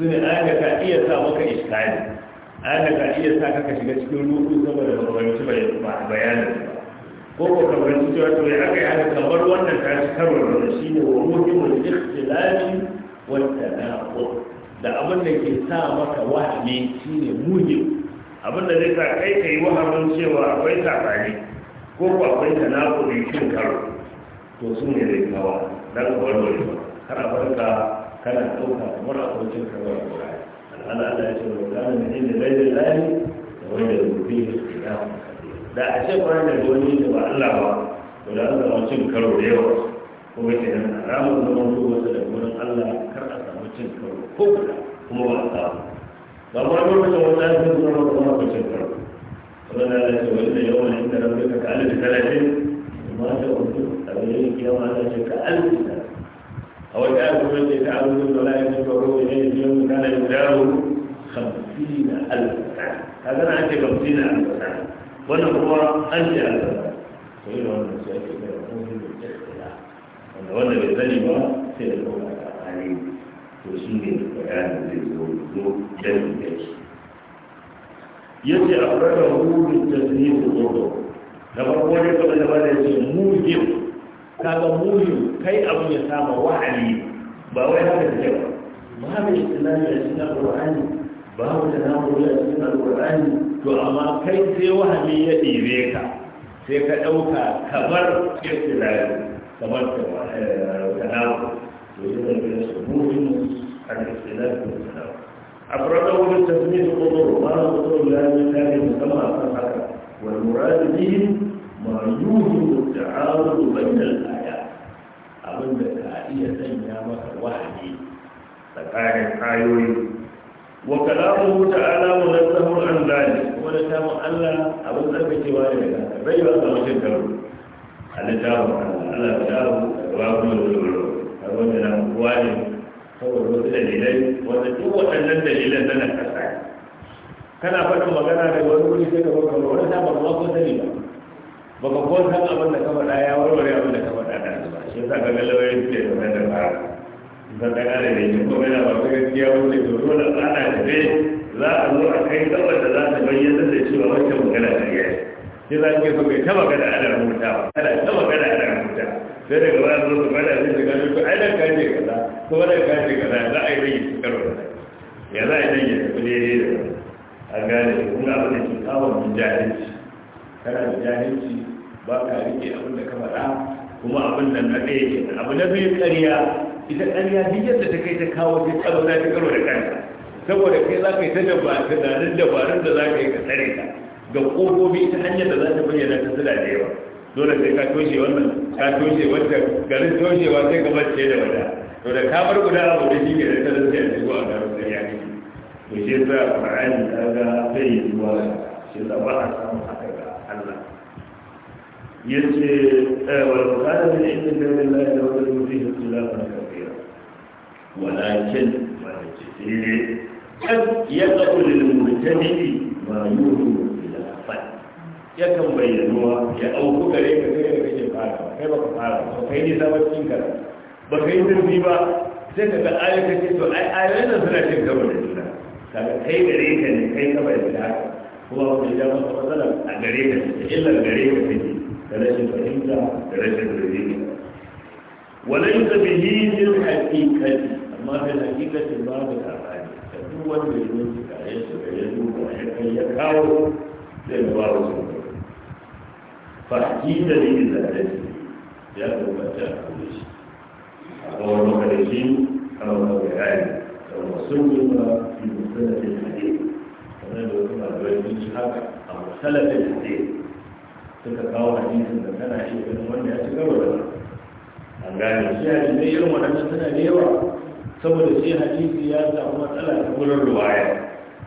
su ne aya ka iya sa maka iskari aya ka iya sa ka shiga cikin rudu saboda ba fahimci bayanin ko ko kamar cewa to ya aka ya haka bar wannan ta ci karo da shi ne wa ruhi ikhtilafi wa tanaqu da abin da ke sa maka wahami shine muhim abin da zai sa kai kai wahamin cewa akwai tsari ko ko akwai tanaqud cikin karo to su ne zai kawo dan ka har abarka kana ɗauka kamar a kwacin kawai a kura al'ala ala ya ce wa kana da inda zai da layi da wanda rubi da su da da a ce kwanan da wani da ba Allah ba to da an zama cin karo da yawa kuma ke nan haramun zaman su wasu da wurin Allah kar a samu cin karo ko kuma ba a samu ba ma lokacin wata ya fi zama kuma ba cin karo ولا يسولون يوما عند ربك كألف سنة ثم تقول أولئك يوم على شك ألف سنة أو الآن الذي يتعلم الملائكة يشفعون إليه في يوم كان يداره خمسين ألف هذا أنا عندي خمسين ألف وأنا هو أنت ألف ساعة فإن هو المسائل يكون بالاختلاف وأنا هو الذي ما سيكون عليه وشيء القرآن الذي هو جد يجي أفرده بالتسليم الغرب لما قلت قبل ما يجي موجب kaga muyu kai abu ya sama wa'ali ba wai haka da yawa babu istilami a cikin alqur'ani babu tanawuli a cikin alqur'ani to amma kai sai wahami ya ɗebe ka sai ka ɗauka kamar istilami kamar tanawuli to yi da gina su muyu al-istilami da tanawuli أفرده بالتسمية قطر وقال قطر لا يكاد مسمى أصحابه والمراد بهم ma yuhu ta'arudu bainal ayat abin da ka iya sanya maka wahayi tsakanin ayoyi wa kalamuhu ta'ala munazzahu an dhalik kuma da tamu Allah abin tsarkakewa ne daga bai ba ta cin karo alittahu Allah ta'aru wa kuma da dole abin da na kuwa ne saboda wasu dalilai wanda duk waɗannan dalilan na kasa kana faɗin magana da wani wuri sai ka farko wani ta ba kuma ko sani ba baka ko san abin da ka faɗa ya warware abin da ka faɗa da ba shi yasa ka ga lauyoyi suke da da ba zan ta kare da shi kuma yana ba ka gaskiya wanda to dole ana da tafe za a zo a kai gabar da za ta bayyana da cewa wancan magana ta yi shi za ke so kai taba gada ana rubutawa ana taba gada ana rubuta sai daga baya zo su bada sai su gano ko ai dan ka ce kaza ko dan ka ce kaza za a yi rage su karo da ya za a yi rage su daidai da a gane kuma abin da ke kawo mun jahilci kana da jahilci ba ka rike abin da ka faɗa kuma abin da na ɗaya ke abu na biyu ƙarya ita ƙarya duk yadda ta kai ta kawo ta karo ta karo da kanta saboda kai za ka yi ta dabarun dabarun da za ka yi ka tsare ta ga ƙofofi ta hanyar da za ta bayyana ta suna da yawa dole sai ka toshe wannan ka toshe wanda garin toshewa sai ka bacce da wata to da kamar guda abu da shi ke da ta zai a cikin a garin sai ya ne to shi yasa ƙwararren ta ga zai yi zuwa shi yasa ba a samu Allah yace eh, wal qala min inda da lillahi la yuzilu fihi khilafan kathira walakin ma yace kad yaqul lil mujtahidi ma yuhu khilafan yakan bayyanuwa ya auku gare ka kai da kake fara kai ba ka fara ba kai ne sabon ka ba kai zurfi ba sai ka ga ayyuka ce to ai suna cin gaba da juna kaga kai gare ka ne kai ka bayyana هو رب الإجابة فقال البريدة إلا البريدة فيه فلاشي فإنسى فلاشي فريدين وليس به في الحقيقة أما في الحقيقة ما بتاع عادي فهو يجوز كعيس ويجوز وحكا يكاو لنبار سبحانه فحكيت لي إذا أدت يا أبو فتاة كلش أبو المخرجين أبو المخرجين أبو المخرجين أبو المخرجين أبو المخرجين أبو kamar da wasu malamai sun ci haka a da hadisi suka kawo hadisin da tana shi ganin wanda ya ci gaba da an gane shi hadisai irin wadannan suna da yawa saboda shi hadisi ya samu matsala ta wurin ruwaya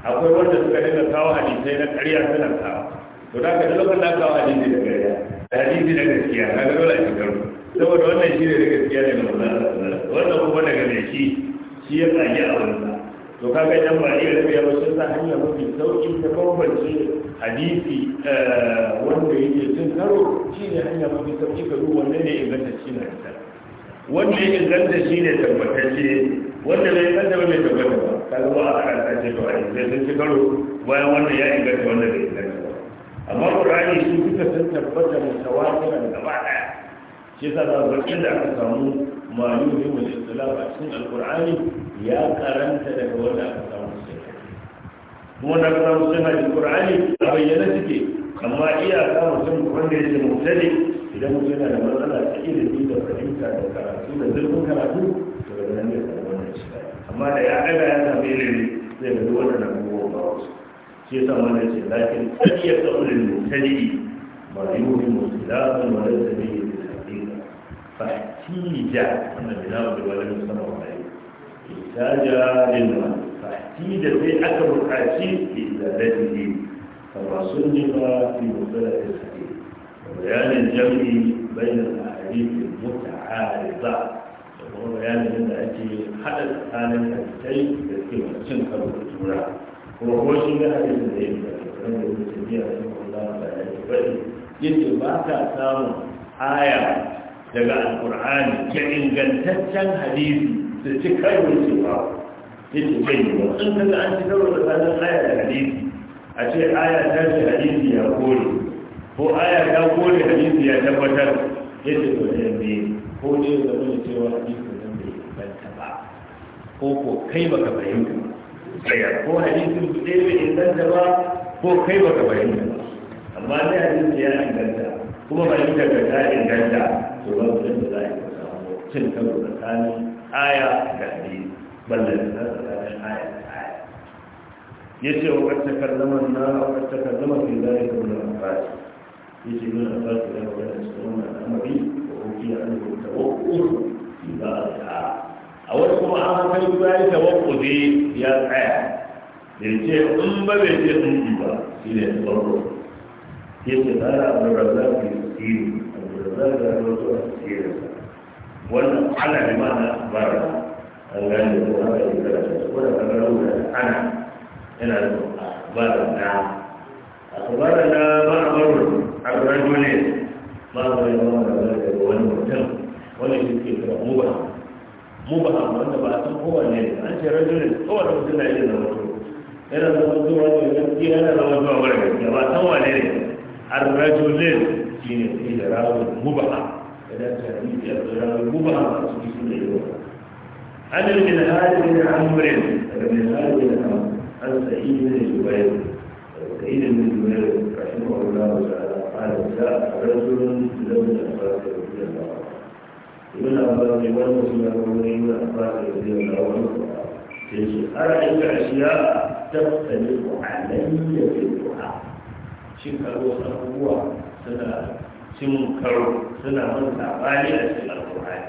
akwai wanda suka dinga kawo hadisai na ƙarya suna kawo to da ka dalilin da kawo hadisi da ƙarya hadisi da gaskiya na ga dole a cikin saboda wannan shi ne da gaskiya ne ga manzon wannan kuma daga mai shi shi ya a wani. to kaga idan ba iya rabiya ba sun sa hanya mafi sauki ta bambance hadisi eh, wanda yake cin karo shi ne hanya mafi sauki ka duba wanne ne shi na ita wanda ya inganta shi ne tabbatacce wanda bai inganta ba bai tabbata ba ta zuwa a karanta ce to a zai sun ci karo bayan wanda ya inganta wanda bai inganta ba amma qur'ani shi duka sun tabbata mutawatiran gaba ɗaya shi yasa ba da aka samu ma ne mu islam a cikin alkur'ani ya karanta daga wanda aka samu sai kuma na kuma musulma da alkur'ani a bayyana suke amma iya samun sun wanda yake mutane idan mutum yana da matsala ta ilimi da fahimta da karatu da zurfin karatu to daga nan zai samu wannan shi amma da ya ɗaga ya samu ilimi zai ga duk wannan abubuwan ba wasu shi yasa ta ce lakin tsakiyar kaulin mutane ba yi yuri mu islam wa da bihi فاحتيج أن بناء صلى الله عليه احتاج للمال فاحتيج في أكبر الحاجين إلى ذاته فالرسول جرى في مختلف الحديث وبيان الجمع بين الأحاديث المتعارضة وهو أن اجي حدث عن الحديثين في وسن قبل الجمعة وهو شيء حديث العلم فإن ابن تيمية رحمه الله تعالى يقول إنت ما تأتام آية daga alkur'ani da ingantaccen hadisi su ci karin cewa yake bai yi ba in kaga an ci karo da tsanin aya da hadisi a ce aya ta ce hadisi ya kore ko aya ta kore hadisi ya tabbatar yake ko da yanzu ko ne ya zama da cewa hadisi zan bai ta ba ko ko kai baka fahimta ba ko hadisi su ɗaya bai inganta ba ko kai baka fahimta ba amma ne hadisi ya inganta kuma ba inda ka ta inganta to ba su da za a yi samu cin karo tsakanin aya da hadisi ballan da tsakanin aya da aya yace wa qad takallama na wa qad takallama fi dhalika min al-abbas yace min al-abbas da wannan sunan al-amri wa ukiya anhu tawakkul fi ba a A wasu kuma an kai ta tawakkuli ya tsaya da ce in ba bai ce in ba shi ne tawakkul yake tsara abu da za ku yi tsiri abu da za ku yi wasu a tsiri wannan ana ne ma na bara an gane da kuma ka yi karatu su kuma ka gara wuta ana yana da bara na a bara na ba a baro a rajo ne ba a bari ba a bari daga wani mutum wani shi ke kira muba muba wanda ba a san kowane ne an ce rajo ne kowane mutum na yi da mutum yana zama zuwa ne gaskiya yana zama zuwa mara gaskiya ba a san wane ne الرجل في راوي مبهم إذا كان في راوي مبهم في سنة يوم عن المنهاج بن عمرو بن عمرو سعيد بن جبير سعيد بن جبير رحمه الله تعالى قال جاء رجل لم يفرق رضي الله عنه ابن عباس والمسلم ابن عباس رضي الله عنه أرأيت أشياء تختلف علي في cin karo wasu abubuwa suna cin karo suna mun sabani a cikin alkur'ani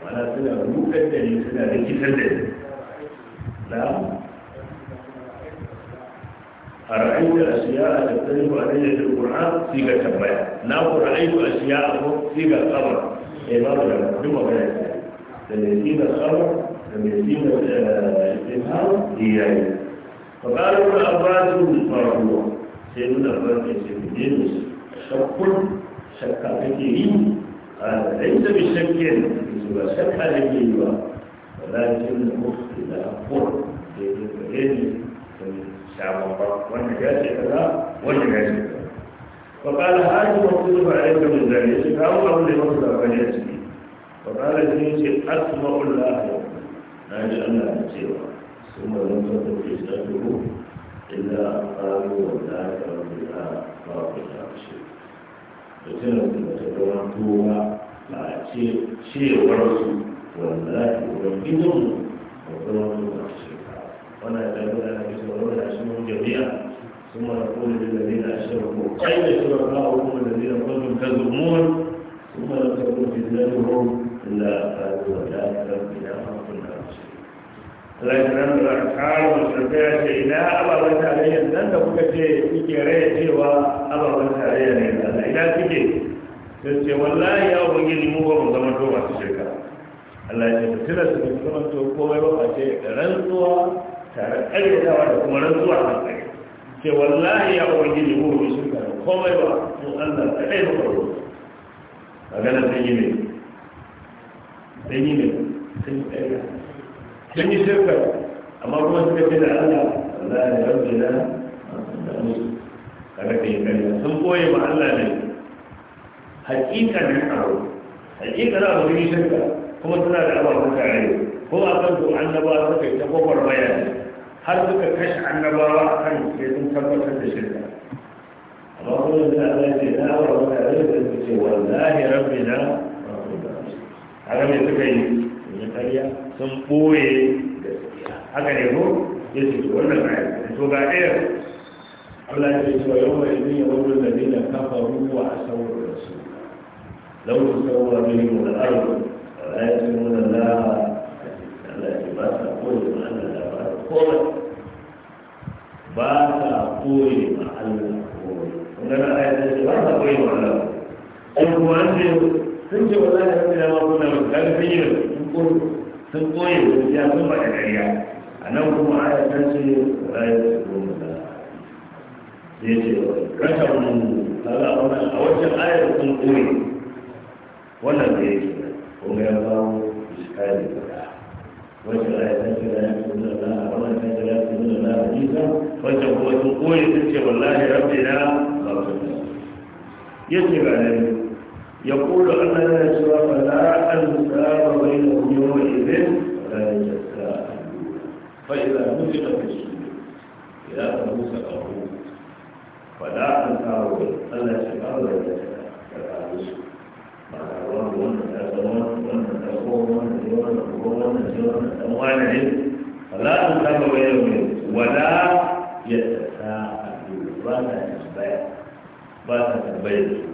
wala suna rukar da ni suna rikitar da ni na a ra'ayyar asiya a tattalin ba da yadda alkur'an sai ga tambaya na ku ra'ayyar asiya a ko sai ga tsabar eh ba da duk magana da mai sina tsabar da mai sina da istimhar da ya yi fa qala ibn abbas marfu'a sai nuna ruwan da ce ku ne ne shakkun shakka kake yi a dai da bishakken zuwa shakka da ke yi ba walakin da mutu da hakkur da ya zo gare ni da shaban ba wanda ya ce kaza wanda ya ce kaza فقال هذا مكتوب عليك من ذلك فأمره لمصدر فليأتي فقال جنسي أسمع الله يقول أجل أن أتيه ثم لم تكن في سأله إلا قالوا وذلك ربنا فرقنا شيء mutumin da ta zama kowa a ce cewarsu wallahi ubangijin mu ba zama su masu shekara wani da ɗaya da ake sauran da shi mun jami'a sun mara kone da zai na shirin ko kai da shirin ba a wani da zai na kwanin ta zumuwar sun mara kone da zai na shirin da ta zuwa da ta zama da ya fara kuna shi lannan da kawo tambaya ce ina ababen tarayyar nan da kuka ce kuke raya cewa ababen tarayyar ne da ina kuke sai ce wallahi ya ubangiji mu ba mu zama to masu shirka Allah ya ce tuna su ne zama to komai ba a ce rantsuwa tare ƙaryatawa da kuma rantsuwa a tsaye ce wallahi ya ubangiji mu ba mu shirka komai ba mu Allah kaɗai mu ba magana sun yi ne sun yi ne sun yi ɗaya تجي سبب أما ربما سكتنا على لا يرجل أبكي كلا سنبوا يا معلم حقيقة نحن حقيقة لا أبكي سبب كما تنا على الله تعالى هو أقل ذو عن نبارة في تبوب الرميان هل ذك كش عن نبارة عن سيدن تبوب الرميان اللهم إنا أبكينا ورحمة الله والله ربنا على ما يتكلم ƙarya sun ɓoye haka ne ko ya ce wannan ayat to ga ɗaya Allah ya ce wa yawma idin ya wuri da dina kafaru wa asawar rasul law tusawwa bihi wal ardh la yasmuna la Allah ya ba ta koyi ma Allah da ba komai ba ta koyi ma Allah komai wannan ayat ce ba ta koyi ma Allah ko kuma an ce sun ce wallahi da ma kuna mun kan yi ko sun da gaskiya sun da ƙarya a nan kuma a ta ce aya ta goma da ya ce rashin kaga a wajen ayar sun koyi wannan da ya ce kuma ya kawo da guda wancan ayar sun ce aya ta goma da a wannan ta ce aya ta goma da ya ce wancan kuma sun koye sun ce wallahi rabbi na ba su ya ce ba ne يقول أنا يسوى فلا أنساب بينهم يومئذ ولا يتساءلون فإذا نفق في السجود إذا موسى في فلا أنساب بين ألا يسوى ولا يتساءلون معنى الله وأن فلا أنساب بينهم ولا يتساءلون ولا يتساءلون ولا يتساءلون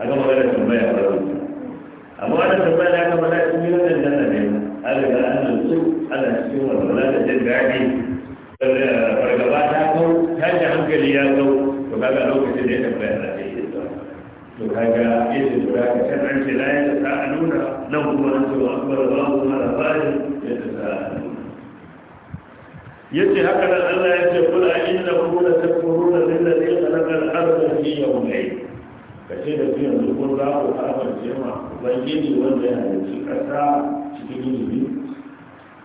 kaga magana tambaya ba ne amma wannan tambaya da aka faɗa cikin wannan dana ne aka ga an nan su ana cikin walwala da jin daɗi fargaba ta kau tashi hankali ya kau to kaga lokacin da ya tambaya za ta yi to kaga yadda to da ka san an ce la ya ta nuna nan kuma an ce wa akbar wa kuma labarin ya ta sa'aluna yace haka nan Allah ya ce kula inna kunna takfuruna billazi khalaqa al-ardha fi yawmayn ka ce da biyan yanzu ko za ku kafance ma ubangiji wanda da shi ƙasa cikin ilimi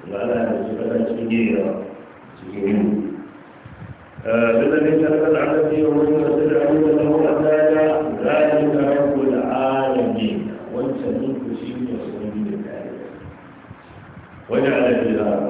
ba yana da shi ƙasa cikin gewa cikin ilimi فالذي eh, yi العبد ku da عنده له أسادا ذلك رب العالمين وانت منك شيء يصوم من الآية za فيها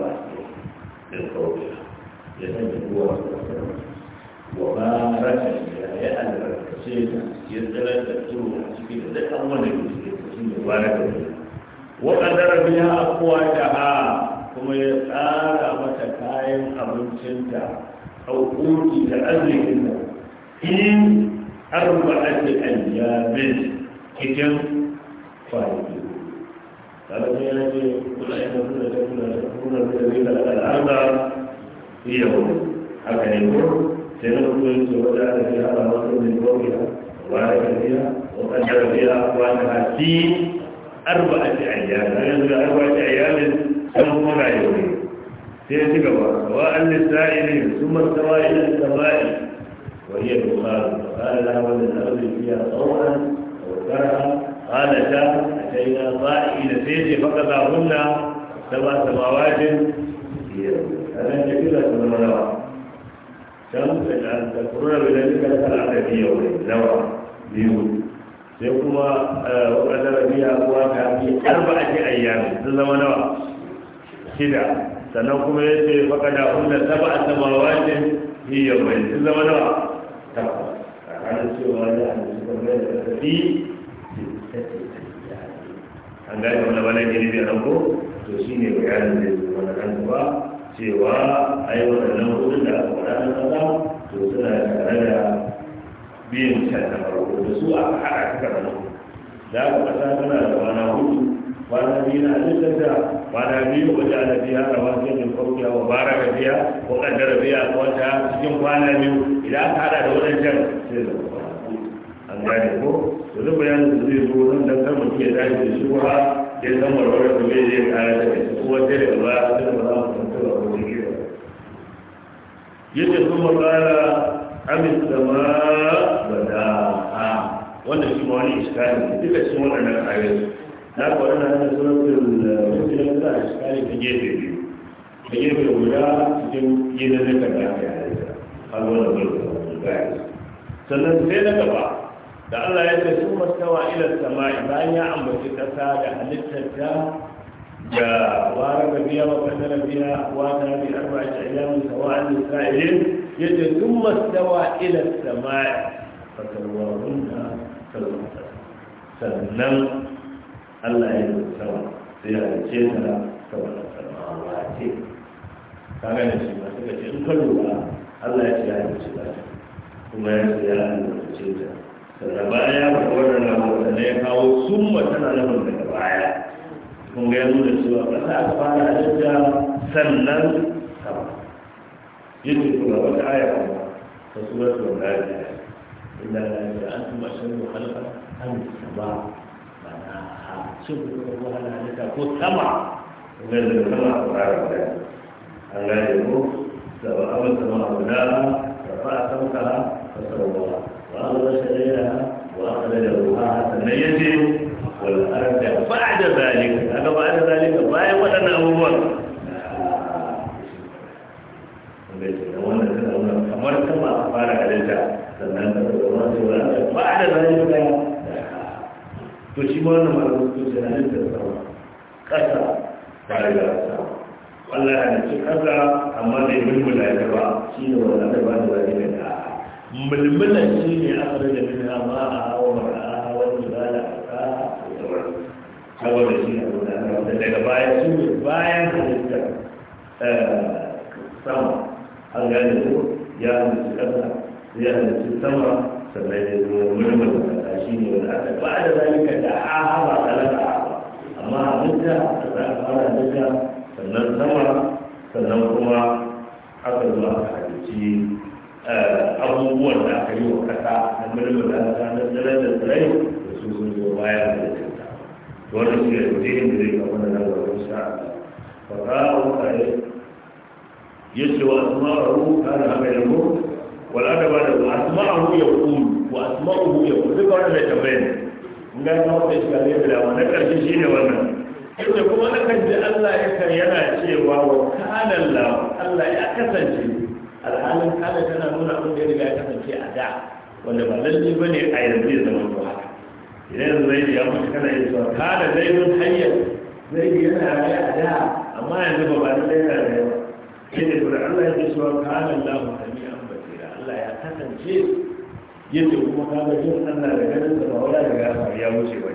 biyan can da farko da su a haɗa suka zama da aka ƙasa tana da kwana hudu kwana biyu na da. kwana biyu wajen ana biya da wajen yin farkiya wa bara da biya ko ƙaddara biya ko wata cikin kwana biyu idan aka haɗa da wajen can sai da kwana an gane ko Wani zai bayanin da zai zo nan dan kar mutum ya tashi da shi ha ya san warware da zai zai kara da kai ko wata daga baya sai da ba za mu san cewa ko ne yace kuma kala amin sama bada ha ah, Wanda shi ma wani iskari duka wani waɗannan ayoyi na ga na hannun suratul mutum da iskari ta gefe biyu ta gefe guda cikin gidan na kan da aka yi har wani gudu da wani gaya sannan sai na gaba da Allah ya ce sun mastawa ilar sama'i bayan ya ambaci kasa da halittar ta وارد بها وكسل بها واتى بأربعة أيام سواء للسائلين يجد ثم استوى إلى السماء فسواهن سبع سنن الله يجد سوا سيادة شيخنا سوا السماوات kaga ne shi ba suka ce in ka lura Allah ya ce ya yi ba kuma ya ce ya yi wuce ta sannan baya ya faɗi wannan na mutane ya kawo summa tana nufin daga baya kun ga yanzu da cewa kasa aka fara a jidda sannan sama yadda kuma wata aya ba ta surat wa rariya inda na yi da an kuma shan da halka an sama ba na hacin ko hana halitta ko sama kun ga yanzu sama a fara da an gane ko da ba a wata ma'a guda ba ba a sauka ba sauwa ba a wata shari'a sama an gane ko ya halittu ƙasa ya halittu sama sannan ya zo mulmul da shi ne wani aka ba da zalika da ahaba talaka ahaba amma abinda da za a fara duka sannan sama sannan kuma aka zo aka halici abubuwan da aka yi wa ƙasa na mulmul da aka na tsirai da tsirai da su sun zo baya da ta wannan shi ne da zai yi kawo na nan wa insha Allah. Fa ra'u ka yace wa asma'u kana amailu wal adaba da asma'u yaqul wa asma'u yaqul duk wannan da tambaye ne in ga ka wata shi gare da wannan karshe shine wannan inda kuma na kan ji Allah ya kan yana cewa wa kana Allah Allah ya kasance alhalin kana tana nuna abin da ya riga ya kasance a da wanda ba lalle bane a yanzu ya zama ba idan yanzu zai ya mutu kana yin cewa kana zaidun hanyar, zai yana raye a da amma yanzu ba ba lalle yana raye yadda kuma Allah ya ce suwa kana Allah wa sami an basira Allah ya kasance yadda kuma kaga jin Allah da ganin sa ba wala daga ya wuce ba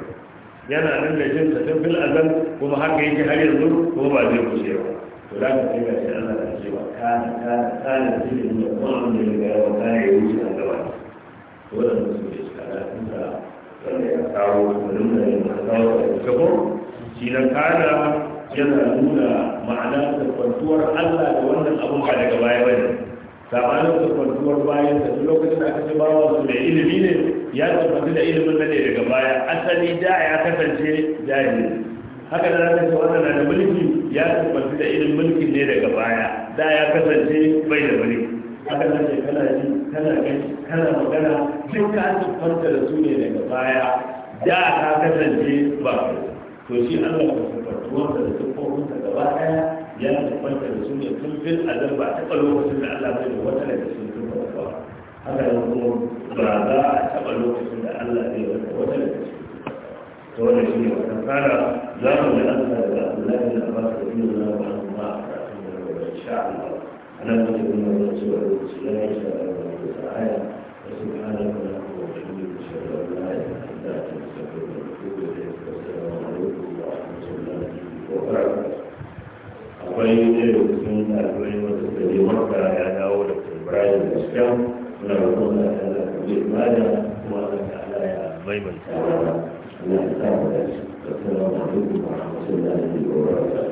yana nan da jin sa tafil azan kuma haka yake har yanzu ko ba zai wuce ba to da ka sai ga shi Allah da cewa kana kana kana jin da kuma an da ya wa kana ya wuce an gaba to da su ne shi kada sun da wanda ya kawo da nuna da kawo da kafo shi na kana yana nuna ma'ana da kwantuwar Allah da wannan abun ba daga baya bane sabanin da kwantuwar bayan da duk lokacin da aka ce bawa su mai ilimi ne ya tabbata da ilimin nan ne daga baya asali da ya kasance jahili haka da zaka ce wannan na da mulki ya tabbata da ilimin mulki ne daga baya da ya kasance bai da mulki haka da ce kana ji kana gani kana magana duk ka tabbata da su ne daga baya da ka kasance ba kai to shi Allah da sifatuwarsa da siffofinsa gaba ɗaya ya siffanta da su ne tun fil azal ba taɓa lokacin da Allah bai da wata daga cikin siffofinsa ba haka nan kuma ba za a taɓa lokacin da Allah bai da wata daga cikin to wannan shi ne wata fara za mu ga an tsara da Allah da Abbas da Ibn Umar da kuma karatun da gaba insha Allah anan mutum ne wanda ya ce wa Allah ya ce da Allah ya ce subhanahu wa ta'ala akwai ɗaya da cikin ɗalibai wanda suka je ya dawo da ibrahim da shi suna da kuma da ta zai kuma da ta ya maimaita wa Allah ya sa mu da shi kasance da mutum da mutum da a da